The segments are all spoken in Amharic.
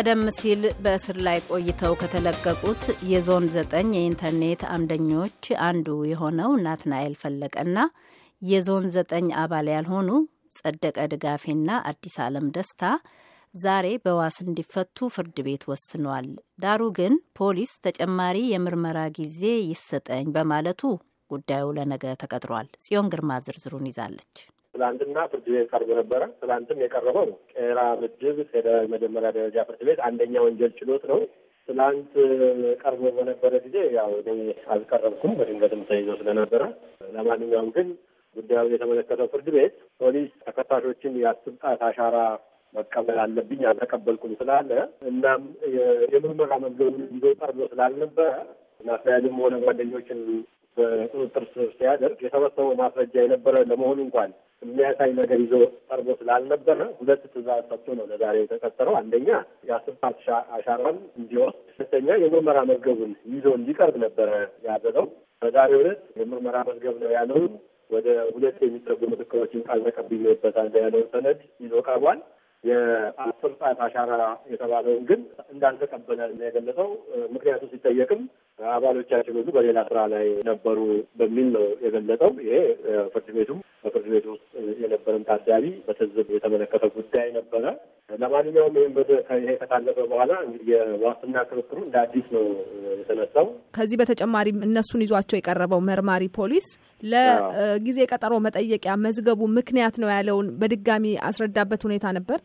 ቀደም ሲል በእስር ላይ ቆይተው ከተለቀቁት የዞን ዘጠኝ የኢንተርኔት አምደኞች አንዱ የሆነው ናትናኤል ፈለቀና የዞን ዘጠኝ አባል ያልሆኑ ጸደቀ ድጋፌና አዲስ አለም ደስታ ዛሬ በዋስ እንዲፈቱ ፍርድ ቤት ወስኗል። ዳሩ ግን ፖሊስ ተጨማሪ የምርመራ ጊዜ ይሰጠኝ በማለቱ ጉዳዩ ለነገ ተቀጥሯል። ጽዮን ግርማ ዝርዝሩን ይዛለች። ትላንትና ፍርድ ቤት ቀርቦ ነበረ። ትላንትም የቀረበው ነው። ቄራ ምድብ ፌደራል መጀመሪያ ደረጃ ፍርድ ቤት አንደኛ ወንጀል ችሎት ነው። ትላንት ቀርቦ በነበረ ጊዜ ያው እኔ አልቀረብኩም በድንገትም ተይዞ ስለነበረ። ለማንኛውም ግን ጉዳዩን የተመለከተው ፍርድ ቤት ፖሊስ ተከሳሾችን የአስር ጣት አሻራ መቀበል አለብኝ አልተቀበልኩም ስላለ እናም የምርመራ መዝገቡን ይዞ ቀርቦ ስላልነበረ ናስያድም ሆነ ጓደኞችን በቁጥጥር ስር ሲያደርግ የሰበሰበው ማስረጃ የነበረ ለመሆኑ እንኳን የሚያሳይ ነገር ይዞ ቀርቦ ስላልነበረ ሁለት ትዛዝ ሰጥቶ ነው ለዛሬ የተቀጠረው። አንደኛ የአስር ሰዓት አሻራን እንዲወስድ፣ ሁለተኛ የምርመራ መዝገቡን ይዞ እንዲቀርብ ነበረ ያዘለው። በዛሬ ሁለት የምርመራ መዝገብ ነው ያለው ወደ ሁለት የሚጠጉ ምስክሮችን ቃል ተቀብዬበታለሁ ያለውን ሰነድ ይዞ ቀርቧል። የአስር ሰዓት አሻራ የተባለውን ግን እንዳልተቀበለ ነው የገለጸው። ምክንያቱ ሲጠየቅም አባሎቻችን ሁሉ በሌላ ስራ ላይ ነበሩ በሚል ነው የገለጠው። ይሄ ፍርድ ቤቱ በፍርድ ቤቱ ውስጥ የነበረን ታዳሚ በትዝብ የተመለከተ ጉዳይ ነበረ። ለማንኛውም ይህም ይሄ ከታለፈ በኋላ እንግዲህ የዋስትና ክርክሩ እንደ አዲስ ነው የተነሳው። ከዚህ በተጨማሪም እነሱን ይዟቸው የቀረበው መርማሪ ፖሊስ ለጊዜ ቀጠሮ መጠየቂያ መዝገቡ ምክንያት ነው ያለውን በድጋሚ አስረዳበት ሁኔታ ነበር።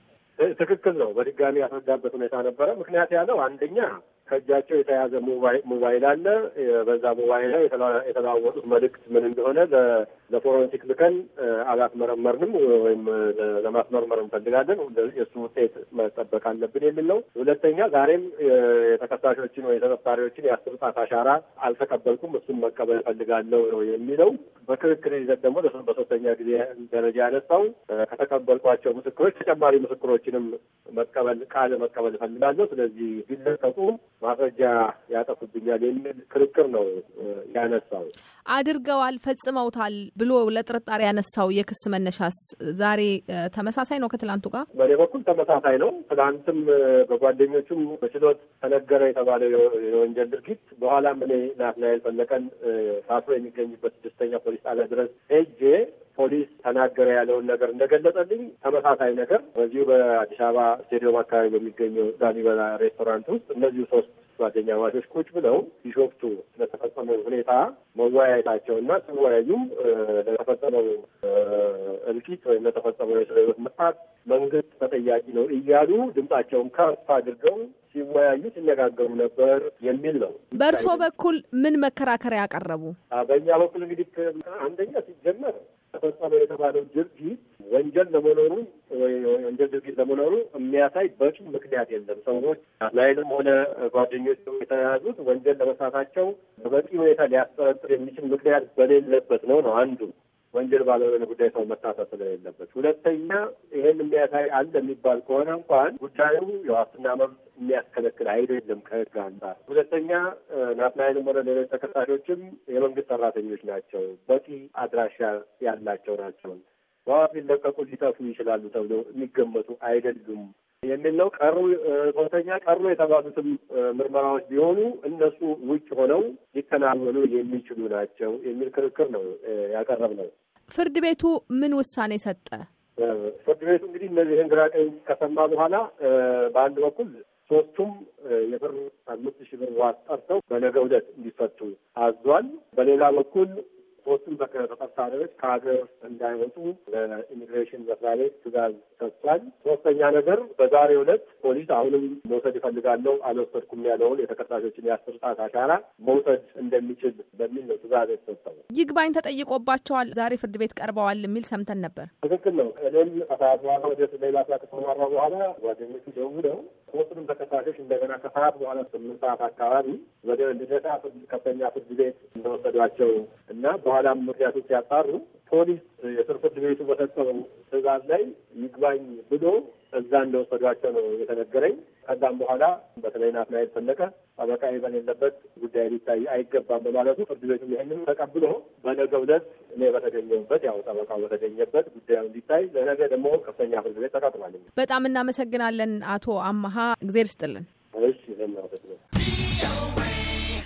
ትክክል ነው። በድጋሚ ያስረዳበት ሁኔታ ነበረ። ምክንያት ያለው አንደኛ ከእጃቸው የተያዘ ሞባይል አለ። በዛ ሞባይል ላይ የተለዋወጡት መልእክት ምን እንደሆነ ለፎረንሲክ ልከን አላስመረመርንም ወይም ለማስመርመር እንፈልጋለን። የእሱ ውጤት መጠበቅ አለብን የሚል ነው። ሁለተኛ ዛሬም የተከሳሾችን ወይ ተጠርጣሪዎችን የአስር ጣት አሻራ አልተቀበልኩም፣ እሱም መቀበል እፈልጋለሁ ነው የሚለው። በክርክር ይዘት ደግሞ በሶስተኛ ጊዜ ደረጃ ያነሳው ከተቀበልኳቸው ምስክሮች ተጨማሪ ምስክሮችንም መቀበል ቃል መቀበል እፈልጋለሁ፣ ስለዚህ ቢለቀቁ ማስረጃ ያጠፉብኛል የሚል ክርክር ነው ያነሳው። አድርገዋል፣ ፈጽመውታል ብሎ ለጥርጣሬ ያነሳው የክስ መነሻስ ዛሬ ተመሳሳይ ነው ከትላንቱ ጋር በእኔ በኩል ተመሳሳይ ነው። ትላንትም በጓደኞቹም በችሎት ተነገረ የተባለው የወንጀል ድርጊት በኋላም እኔ ናትናኤል ፈለቀን ታስሮ የሚገኝበት ስድስተኛ ፖሊስ ጣቢያ ድረስ ሄጄ ፖሊስ ተናገረ ያለውን ነገር እንደገለጸልኝ ተመሳሳይ ነገር በዚሁ በአዲስ አበባ ስቴዲየም አካባቢ በሚገኘው ላሊበላ ሬስቶራንት ውስጥ እነዚሁ ሶስት ጓደኛ ማቾች ቁጭ ብለው ቢሾፍቱ ስለተፈጸመው ሁኔታ መወያየታቸው እና ሲወያዩም ለተፈጸመው እልቂት ወይም ለተፈጸመው የሰው ሕይወት መጥፋት መንግስት ተጠያቂ ነው እያሉ ድምጻቸውን ከፍ አድርገው ሲወያዩ ሲነጋገሩ ነበር የሚል ነው። በእርስዎ በኩል ምን መከራከሪያ ያቀረቡ? በእኛ በኩል እንግዲህ አንደኛ ሲጀመር ተፈጸመ የተባለው ድርጊት ወንጀል ለመኖሩ ወንጀል ድርጊት ለመኖሩ የሚያሳይ በቂ ምክንያት የለም። ሰዎች ናይልም ሆነ ጓደኞች የተያዙት ወንጀል ለመሳታቸው በበቂ ሁኔታ ሊያስጠረጥር የሚችል ምክንያት በሌለበት ነው ነው አንዱ ወንጀል ባልሆነ ጉዳይ ሰው መታሰር ስለሌለበት፣ ሁለተኛ ይህን የሚያሳይ አለ የሚባል ከሆነ እንኳን ጉዳዩ የዋስትና መብት የሚያስከለክል አይደለም ከህግ አንጻር። ሁለተኛ ናትናኤልም ሆነ ሌሎች ተከሳሾችም የመንግስት ሰራተኞች ናቸው፣ በቂ አድራሻ ያላቸው ናቸው። በዋስ ሊለቀቁ ሊጠፉ ይችላሉ ተብሎ የሚገመቱ አይደሉም የሚለው ቀሩ ሶስተኛ ቀሩ የተባሉትም ምርመራዎች ቢሆኑ እነሱ ውጭ ሆነው ሊከናወኑ የሚችሉ ናቸው የሚል ክርክር ነው ያቀረብ ነው። ፍርድ ቤቱ ምን ውሳኔ ሰጠ? ፍርድ ቤቱ እንግዲህ እነዚህን ግራ ቀኝ ከሰማ በኋላ በአንድ በኩል ሶስቱም የብር አምስት ሺህ ብር ዋስ ጠርተው በነገ ዕለት እንዲፈቱ አዟል። በሌላ በኩል ሶስቱም በቀጥታ ሌሎች ከሀገር እንዳይወጡ ለኢሚግሬሽን መስሪያ ቤት ትዕዛዝ ሰጥቷል። ሶስተኛ ነገር በዛሬ ዕለት ፖሊስ አሁንም መውሰድ ይፈልጋለሁ አልወሰድኩም ያለውን የተከሳሾችን የአስር ሰዓት አሻራ መውሰድ እንደሚችል በሚል ነው ትዕዛዝ የተሰጠው። ይግባኝ ተጠይቆባቸዋል፣ ዛሬ ፍርድ ቤት ቀርበዋል የሚል ሰምተን ነበር። ትክክል ነው። እኔም ከሰዓት በኋላ ወደ ሌላ ስራ ከተማራ በኋላ ጓደኞቹ ደውለው ሶስቱንም ተከሳሾች እንደገና ከሰዓት በኋላ ስምንት ሰዓት አካባቢ ወደ ልደታ ከፍተኛ ፍርድ ቤት እንደወሰዷቸው እና በኋላም ምክንያቱ ሲያጣሩ ፖሊስ የስር ፍርድ ቤቱ በሰጠው ትዕዛዝ ላይ ይግባኝ ብሎ እዛ እንደወሰዷቸው ነው የተነገረኝ። ከዛም በኋላ በተለይ ናትናኤል ፈለቀ ጠበቃ በሌለበት ጉዳይ ሊታይ አይገባም በማለቱ ፍርድ ቤቱ ይህንን ተቀብሎ በነገ ዕለት እኔ በተገኘበት ያው ጠበቃው በተገኘበት ጉዳዩ እንዲታይ ለነገ ደግሞ ከፍተኛ ፍርድ ቤት ተቃጥሏል። በጣም እናመሰግናለን አቶ አመሀ እግዜር ስጥልን። እሺ ለምን